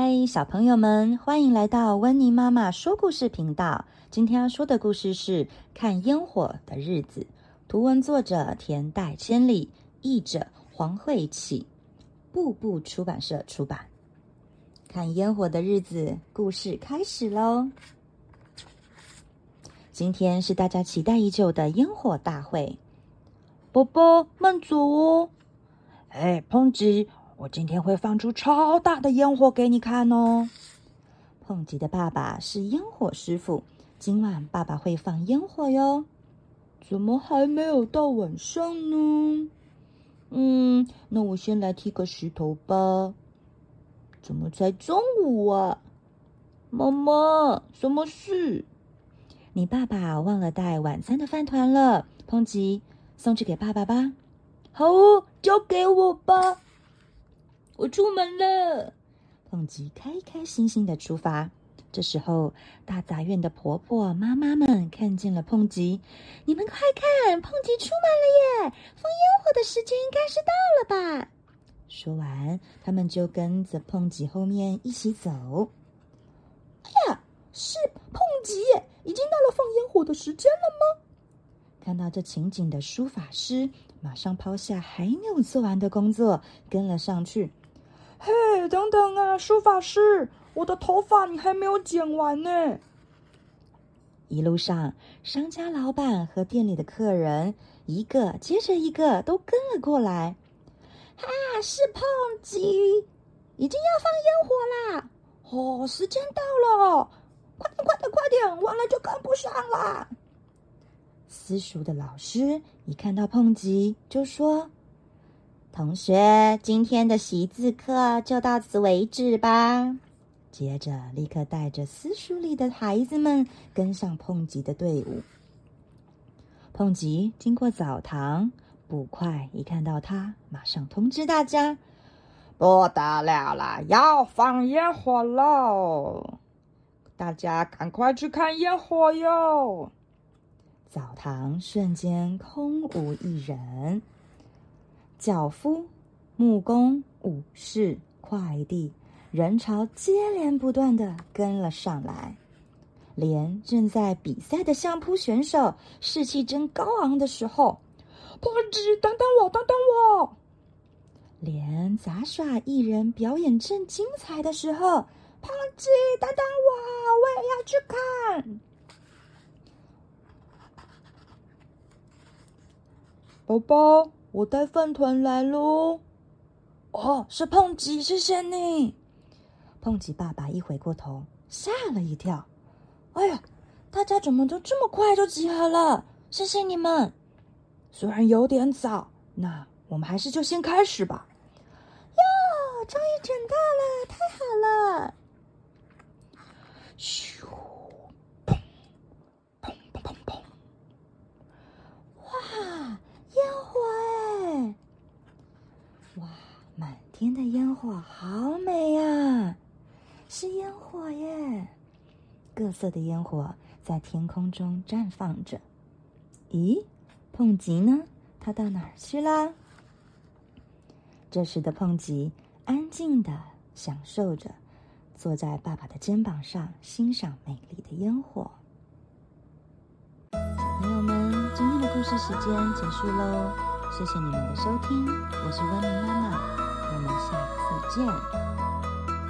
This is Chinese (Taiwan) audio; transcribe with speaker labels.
Speaker 1: 嗨，hey, 小朋友們，歡迎來到溫妮媽媽說故事頻道。今天要說的故事是《看煙火的日子》，圖文作者田代千里，譯者黃惠綺，步步出版社出版。看煙火的日子，故事開始嘍！今天是大家期待已久的煙火大會，爸爸慢走哦！哎，碰我今天會放出超大的煙火給你看哦！碰吉的爸爸是煙火師傅，今晚爸爸會放煙火喲。怎麼還沒有到晚上呢？嗯，那我先來踢個石頭吧。怎麼才中午啊？媽媽，什麼事？你爸爸忘了帶晚餐的飯糰了，碰吉，送去給爸爸吧。好哦，交給我吧。我出門了，碰吉開開心心的出發。這時候，大雜院的婆婆媽媽們看見了碰吉，你們快看，碰吉出門了耶！放煙火的時間應該是到了吧？說完，他們就跟着碰吉後面一起走。哎呀，是碰吉，已經到了放煙火的時間了嗎？看到這情景的書法師馬上拋下還沒有做完的工作，跟了上去。嘿，Hey, 等等啊，書法師，我的頭髮你還沒有剪完呢。一路上，商家老板和店裡的客人一個接着一個都跟了過來。哈、啊，是碰吉，已經要放煙火啦！哦，時間到了，快點，快點，快點，晚了就跟不上啦。私塾的老師一看到碰吉，就說。同學，今天的習字課就到此為止吧。接着，立刻帶着私塾裡的孩子們跟上碰吉的隊伍。碰吉經過澡堂，捕快一看到他，馬上通知大家：“不得了了，要放煙火嘍，大家趕快去看煙火喲！”澡堂瞬間空無一人。腳夫、木工、武士、快遞，人潮接連不斷的跟了上來。連正在比賽的相撲選手士氣真高昂的時候，碰吉，等等我，等等我！連雜耍藝人表演正精彩的時候，碰吉，等等我，我也要去看。寶寶。我帶飯團來嘍！哦，是碰吉，謝謝你。碰吉爸爸一回過頭，嚇了一跳。哎呀，大家怎麼都這麼快就集合了？謝謝你們，雖然有點早，那我們還是就先開始吧。喲，終於長大了。好美呀，是煙火耶！各色的煙火在天空中綻放着。咦，碰吉呢？他到哪兒去啦？這時的碰吉安靜的享受着，坐在爸爸的肩膀上欣賞美麗的煙火。小朋友們，今天的故事時間結束嘍，謝謝你們的收聽，我是溫妮媽媽。我們下次見。